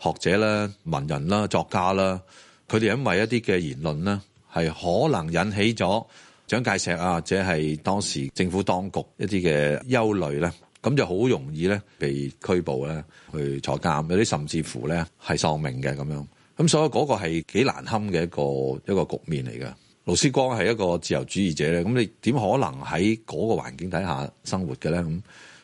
學者啦、文人啦、作家啦，佢哋因為一啲嘅言論呢係可能引起咗蔣介石啊，或者係當時政府當局一啲嘅憂慮呢。咁就好容易呢，被拘捕咧，去坐監，有啲甚至乎呢，係喪命嘅咁樣，咁所以嗰個係幾難堪嘅一個一個局面嚟嘅。勞思光係一個自由主義者咧，咁你點可能喺嗰個環境底下生活嘅咧？咁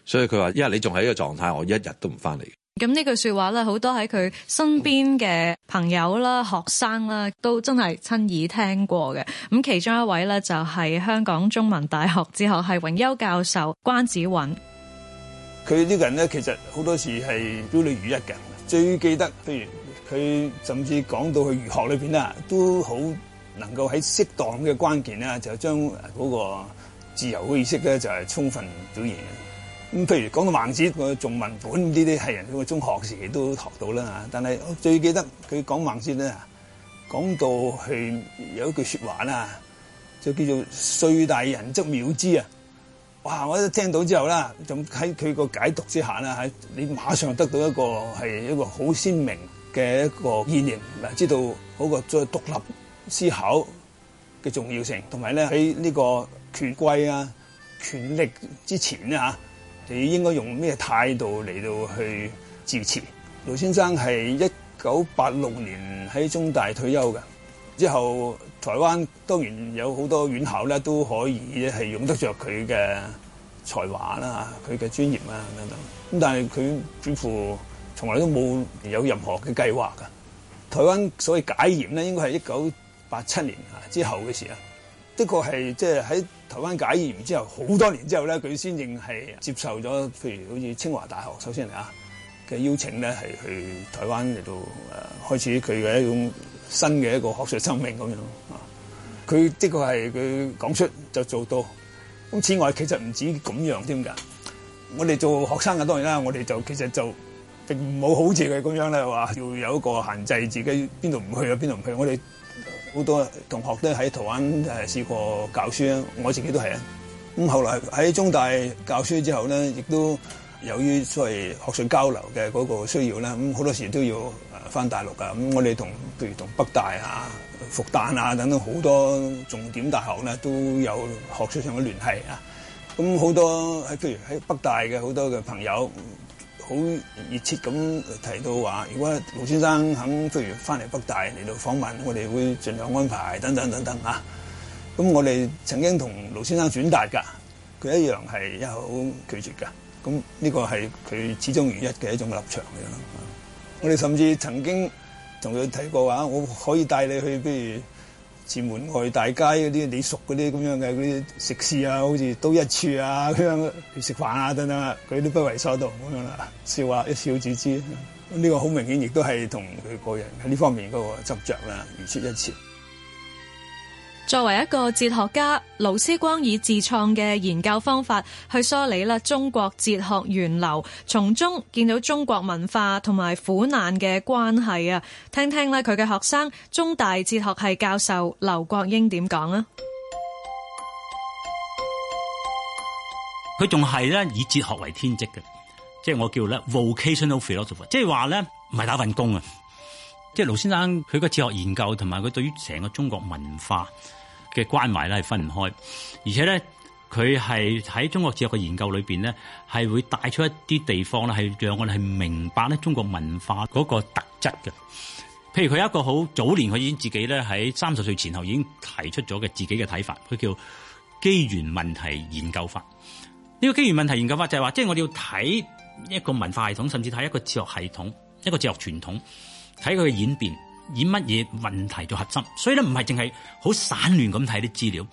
所以佢話，因為你仲喺呢個狀態，我一日都唔翻嚟。咁呢句說話咧，好多喺佢身邊嘅朋友啦、學生啦，都真係親耳聽過嘅。咁其中一位咧，就係、是、香港中文大學之後係榮休教授關子尹。佢呢個人咧，其實好多時係表裏如一嘅。最記得，譬如佢甚至講到佢儒學裏邊啦，都好。能夠喺適當嘅關鍵咧，就將嗰個自由嘅意識咧，就係充分表現。咁譬如講到孟子個眾民本呢啲，係人個中學時期都學到啦嚇。但係我最記得佢講孟子咧，講到係有一句説話啦，就叫做“歲大人則藐之”啊！哇！我一聽到之後啦，就喺佢個解讀之下咧，喺你馬上得到一個係一個好鮮明嘅一個意念，嗱，知道嗰個再獨立。思考嘅重要性，同埋咧喺呢個權貴啊、權力之前咧嚇，你應該用咩態度嚟到去支持？勞先生係一九八六年喺中大退休嘅，之後台灣當然有好多院校咧都可以係用得着佢嘅才華啦、佢嘅專業啊等等。咁但係佢似乎從來都冇有任何嘅計劃嘅。台灣所謂解嚴咧，應該係一九。八七年啊，之後嘅事啊，的確係即係喺台灣解嚴完之後，好多年之後咧，佢先認係接受咗，譬如好似清華大學，首先嚟呀嘅邀請咧，係去台灣嚟到誒開始佢嘅一種新嘅一個學術生命咁樣啊。佢的確係佢講出就做到。咁此外，其實唔止咁樣添㗎。我哋做學生嘅當然啦，我哋就其實就並唔好好似佢咁樣啦，係話要有一個限制自己邊度唔去啊，邊度唔去。我哋。好多同學都喺台灣誒試過教書，我自己都係啊。咁後來喺中大教書之後咧，亦都由於所謂學術交流嘅嗰個需要啦，咁好多時都要翻大陸㗎。咁我哋同譬如同北大啊、復旦啊等等好多重點大學咧都有學術上嘅聯繫啊。咁好多喺譬如喺北大嘅好多嘅朋友。好熱切咁提到話，如果勞先生肯譬如翻嚟北大嚟到訪問，我哋會盡量安排等等等等嚇。咁我哋曾經同勞先生轉達㗎，佢一樣係一口拒絕㗎。咁呢個係佢始終如一嘅一種立場。我哋甚至曾經同佢提過話，我可以帶你去，譬如。前門外大街嗰啲你熟嗰啲咁樣嘅嗰啲食肆啊，好似都一處啊咁樣食飯啊等等，啊，佢都不為所動咁樣啦。笑話，一笑置之，呢、嗯呢個好明顯亦都係同佢個人喺呢方面嗰個執著啦，如出一轍。作為一個哲學家，盧思光以自創嘅研究方法去梳理啦中國哲學源流，從中見到中國文化同埋苦難嘅關係啊。聽聽咧佢嘅學生中大哲學系教授劉國英點講啊？佢仲係咧以哲學為天職嘅，即係我叫咧 vocation a l p h i l o s o p h e r 即係話咧唔係打份工啊。即係盧先生佢嘅哲學研究同埋佢對於成個中國文化。嘅關懷咧係分唔開，而且咧佢係喺中國哲學嘅研究裏邊咧，係會帶出一啲地方咧，係讓我哋係明白咧中國文化嗰個特質嘅。譬如佢有一個好早年，佢已經自己咧喺三十歲前後已經提出咗嘅自己嘅睇法，佢叫機緣問題研究法。呢個機緣問題研究法就係話，即係我哋要睇一個文化系統，甚至睇一個哲學系統、一個哲學傳統，睇佢嘅演變。以乜嘢問題做核心，所以咧唔係淨係好散亂咁睇啲資料，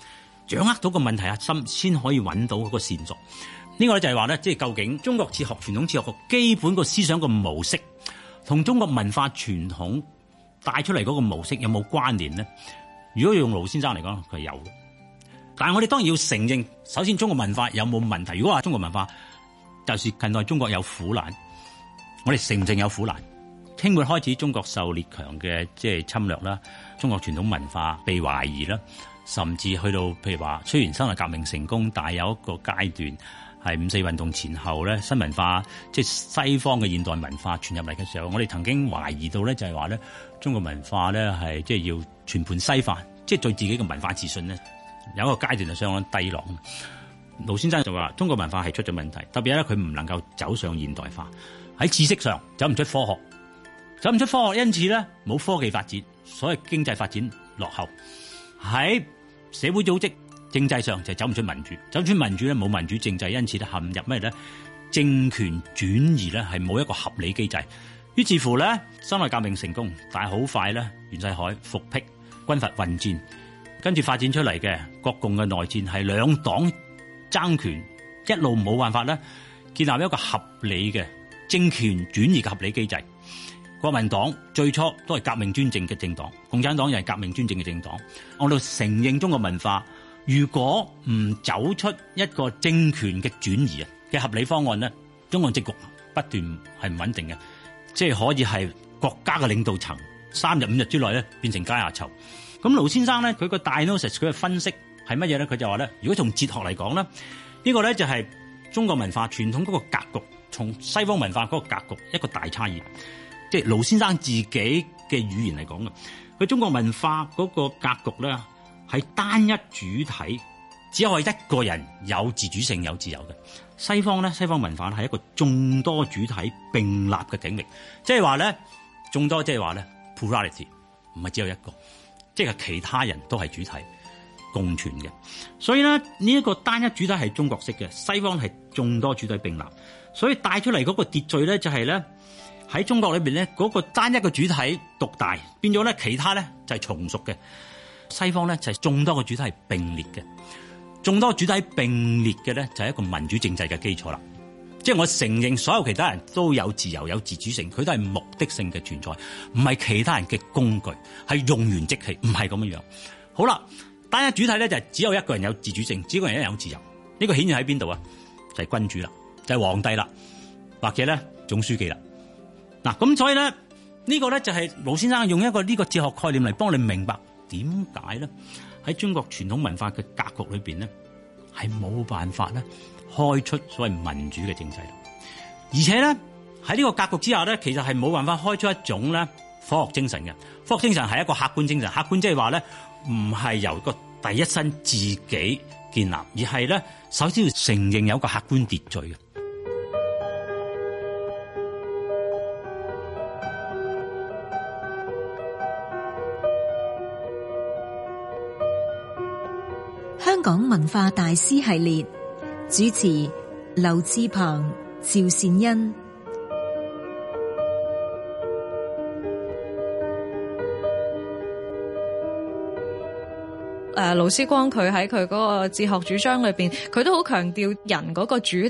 掌握到個問題核心先可以揾到嗰個線索。呢個咧就係話咧，即係究竟中國哲學、傳統哲學個基本個思想個模式，同中國文化傳統帶出嚟嗰個模式有冇關聯呢？如果用勞先生嚟講，佢係有。但係我哋當然要承認，首先中國文化有冇問題？如果話中國文化就是近代中國有苦難，我哋承認有苦難？清末開始，中國受列強嘅即係侵略啦，中國傳統文化被懷疑啦，甚至去到譬如話，雖然辛亥革命成功，但係有一個階段係五四運動前後咧，新文化即係、就是、西方嘅現代文化傳入嚟嘅時候，我哋曾經懷疑到咧，就係話咧，中國文化咧係即係要全盤西化，即、就、係、是、對自己嘅文化自信咧有一個階段係相當低落。勞先生就話，中國文化係出咗問題，特別係咧佢唔能夠走上現代化，喺知識上走唔出科學。走唔出科學，因此咧冇科技發展，所以經濟發展落後。喺社會組織政制上就走唔出民主，走唔出民主咧冇民主政制，因此咧陷入咩咧政權轉移咧係冇一個合理機制。於是乎咧辛亥革命成功，但係好快咧袁世凱復辟，軍閥混戰，跟住發展出嚟嘅國共嘅內戰係兩黨爭權，一路冇辦法咧建立一個合理嘅政權轉移嘅合理機制。國民黨最初都係革命專政嘅政黨，共產黨又係革命專政嘅政黨。我哋承認中國文化，如果唔走出一個政權嘅轉移嘅合理方案咧，中國政局不斷係唔穩定嘅，即係可以係國家嘅領導層三日五日之內咧變成階下囚。咁盧先生咧，佢個大 diagnosis 佢嘅分析係乜嘢咧？佢就話咧，如果從哲學嚟講咧，呢、呢個咧就係中國文化傳統嗰個格局，從西方文化嗰個格局一個大差異。即係盧先生自己嘅語言嚟講嘅，佢中國文化嗰個格局咧係單一主體，只有一個人有自主性、有自由嘅。西方咧，西方文化係一個眾多主體並立嘅景域，即係話咧眾多是說，即係話咧 polarity 唔係只有一個，即係其他人都係主體共存嘅。所以咧呢一個單一主體係中國式嘅，西方係眾多主體並立，所以帶出嚟嗰個秩序咧就係咧。喺中國裏邊咧，嗰個單一嘅主體獨大，變咗咧其他咧就係從屬嘅。西方咧就係眾多嘅主體並列嘅，眾多主體並列嘅咧就係一個民主政制嘅基礎啦。即係我承認所有其他人都有自由有自主性，佢都係目的性嘅存在，唔係其他人嘅工具，係用完即棄，唔係咁樣樣。好啦，單一主體咧就係只有一個人有自主性，只嗰人一個人有自由。呢個顯現喺邊度啊？就係君主啦，就係皇帝啦，或者咧總書記啦。嗱，咁所以咧，呢個咧就係勞先生用一個呢個哲學概念嚟幫你明白點解咧，喺中國傳統文化嘅格局裏邊咧，係冇辦法咧開出所謂民主嘅政制，而且咧喺呢個格局之下咧，其實係冇辦法開出一種咧科學精神嘅。科學精神係一個客觀精神，客觀即係話咧唔係由個第一身自己建立，而係咧首先要承認有一個客觀秩序嘅。港文化大師系列主持劉志鵬、趙善恩。誒、啊，勞思光佢喺佢嗰個哲學主張裏邊，佢都好強調人嗰個主體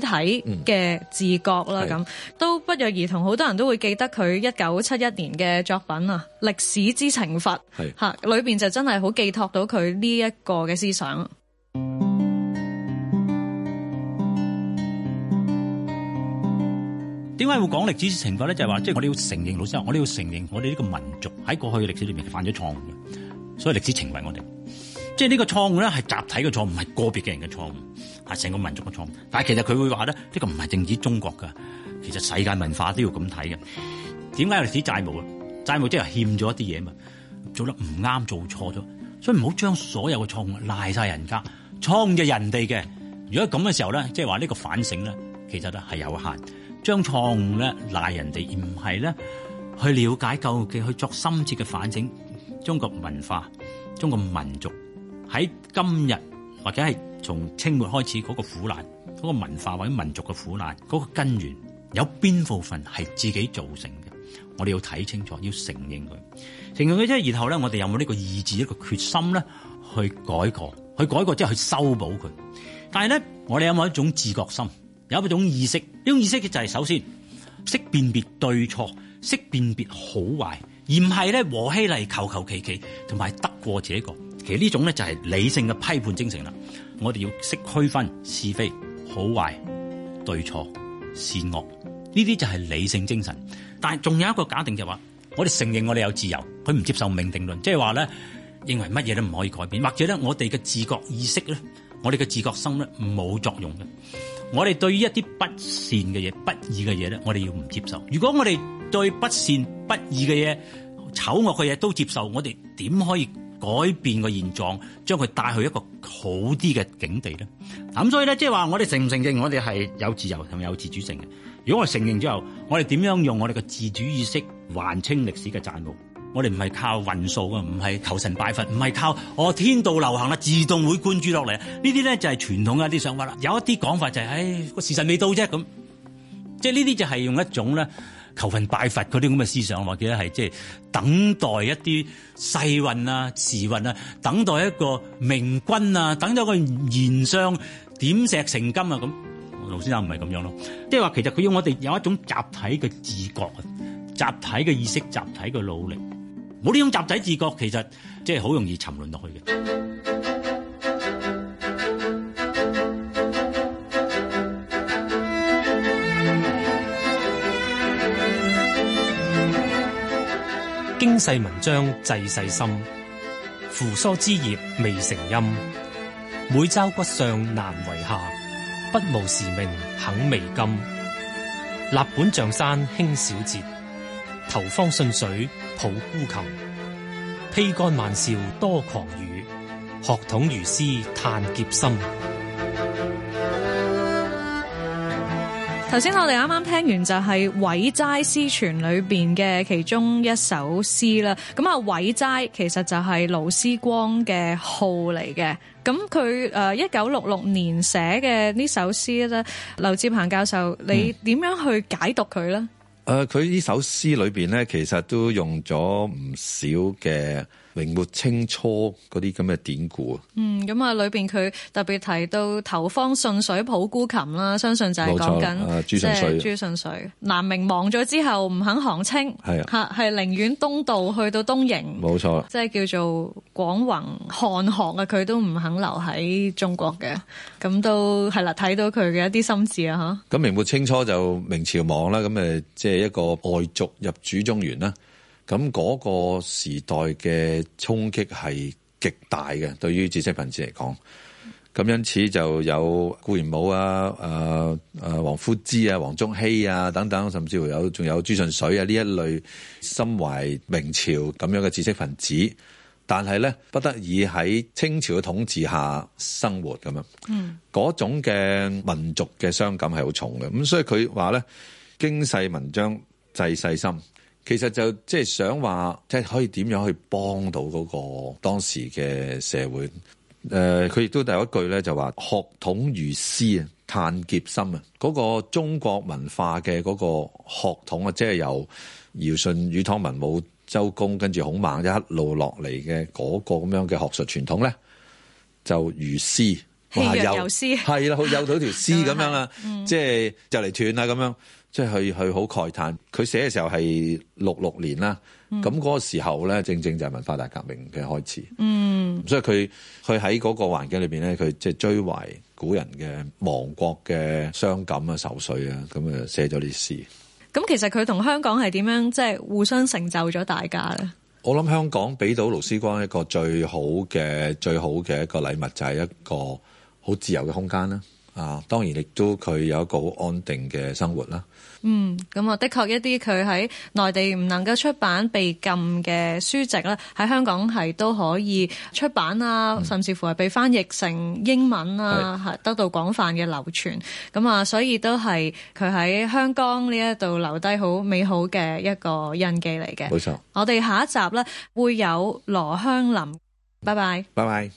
嘅自覺啦。咁、嗯、都不約而同，好多人都會記得佢一九七一年嘅作品啊，《歷史之懲罰》。係吓裏邊就真係好寄託到佢呢一個嘅思想。點解會講歷史懲罰咧？就係、是、話，即、就、係、是、我哋要承認，老師話我哋要承認，我哋呢個民族喺過去嘅歷史裏面犯咗錯誤，所以歷史懲罰我哋。即係呢個錯誤咧，係集體嘅錯誤，唔係個別嘅人嘅錯誤，係成個民族嘅錯誤。但係其實佢會話咧，呢、這個唔係淨止中國噶，其實世界文化都要咁睇嘅。點解歷史債務？債務即係欠咗一啲嘢嘛，做得唔啱，做錯咗，所以唔好將所有嘅錯誤賴晒人家，錯誤係人哋嘅。如果咁嘅時候咧，即係話呢個反省咧，其實咧係有限。將錯誤咧賴人哋，而唔係咧去了解究竟，去作深切嘅反省。中國文化、中國民族喺今日或者係從清末開始嗰個苦難，嗰個文化或者民族嘅苦難，嗰個根源有邊部分係自己造成嘅？我哋要睇清楚，要承認佢，承認佢即係然後咧，我哋有冇呢個意志，一個決心咧去改革，去改革即係去修補佢？但係咧，我哋有冇一種自覺心？有一種意識，呢種意識嘅就係首先識辨別對錯，識辨別好壞，而唔係咧和稀泥、求求其其，同埋得過且過。其實呢種咧就係理性嘅批判精神啦。我哋要識區分是非、好壞、對錯、善惡，呢啲就係理性精神。但係仲有一個假定就係話，我哋承認我哋有自由，佢唔接受命定論，即係話咧認為乜嘢都唔可以改變，或者咧我哋嘅自覺意識咧，我哋嘅自覺心咧冇作用嘅。我哋對於一啲不善嘅嘢、不義嘅嘢咧，我哋要唔接受。如果我哋對不善、不義嘅嘢、醜惡嘅嘢都接受，我哋點可以改變個現狀，將佢帶去一個好啲嘅境地咧？咁所以咧，即係話我哋承唔承認我哋係有自由，同有自主性嘅？如果我哋承認之後，我哋點樣用我哋嘅自主意識還清歷史嘅債務？我哋唔係靠運數嘅，唔係求神拜佛，唔係靠哦天道流行啦，自動會灌注落嚟啊！呢啲咧就係傳統嘅一啲想法啦。有一啲講法就係、是，唉、哎，個時辰未到啫咁。即係呢啲就係用一種咧求神拜佛嗰啲咁嘅思想，或者係即係等待一啲世運啊、時運啊，等待一個明君啊，等待一個賢相點石成金啊咁。我勞先生唔係咁樣咯，即係話其實佢要我哋有一種集體嘅自覺啊，集體嘅意識、集體嘅努力。冇呢種集體自覺，其實即係好容易沉淪落去嘅、嗯嗯。經世文章濟世心，扶疏枝葉未成陰，每朝骨上難為下，不無時命肯未甘。立本象山輕小節，投方順水。抱孤琴，披肝萬笑多狂語，學統如絲嘆劫心。頭先我哋啱啱聽完就係《韋齋詩傳》裏邊嘅其中一首詩啦。咁啊，《韋齋》其實就係勞思光嘅號嚟嘅。咁佢誒，一九六六年寫嘅呢首詩咧，劉志鵬教授，你點樣去解讀佢咧？嗯誒、呃、佢呢首詩裏邊咧，其實都用咗唔少嘅。明末清初嗰啲咁嘅典故啊，嗯，咁啊裏邊佢特別提到投荒舜水抱孤琴啦，相信就係講緊即係朱舜水。朱舜水南明亡咗之後唔肯降清，係啊，嚇係寧願東渡去到東瀛，冇錯，即係叫做廣弘漢學啊，佢都唔肯留喺中國嘅，咁都係啦，睇到佢嘅一啲心志啊，吓。咁明末清初就明朝亡啦，咁誒即係一個外族入主中原啦。咁、那、嗰個時代嘅衝擊係極大嘅，對於知識分子嚟講。咁因此就有顧炎武啊、誒誒王夫之啊、黃宗羲啊等等，甚至乎有仲有朱舜水啊呢一類心懷明朝咁樣嘅知識分子，但係咧不得已喺清朝嘅統治下生活咁樣。嗰種嘅民族嘅傷感係好重嘅。咁所以佢話咧，經世文章濟世心。其實就即係想話，即係可以點樣去幫到嗰個當時嘅社會？誒、呃，佢亦都第一句咧就話：學統如絲啊，嘆劫深啊！嗰個中國文化嘅嗰個學統啊，即、就、係、是、由堯舜禹湯文武周公，跟住孔孟一路落嚟嘅嗰個咁樣嘅學術傳統咧，就如絲，哇！有絲係啦，有好有到條絲咁樣啦，即係就嚟斷啦咁樣。即係去去好慨嘆，佢寫嘅時候係六六年啦，咁、嗯、嗰、那個時候咧，正正就係文化大革命嘅開始。嗯，所以佢佢喺嗰個環境裏邊咧，佢即係追懷古人嘅亡國嘅傷感啊、愁緒啊，咁啊寫咗啲詩。咁、嗯、其實佢同香港係點樣即係、就是、互相成就咗大家咧？我諗香港俾到勞思光一個最好嘅最好嘅一個禮物，就係、是、一個好自由嘅空間啦。啊，當然亦都佢有一個好安定嘅生活啦。嗯，咁啊，的確一啲佢喺內地唔能夠出版被禁嘅書籍啦，喺香港係都可以出版啦，甚至乎係被翻譯成英文啊，係、嗯、得到廣泛嘅流傳。咁啊，所以都係佢喺香港呢一度留低好美好嘅一個印記嚟嘅。冇錯，我哋下一集呢會有羅香林。拜拜，拜拜。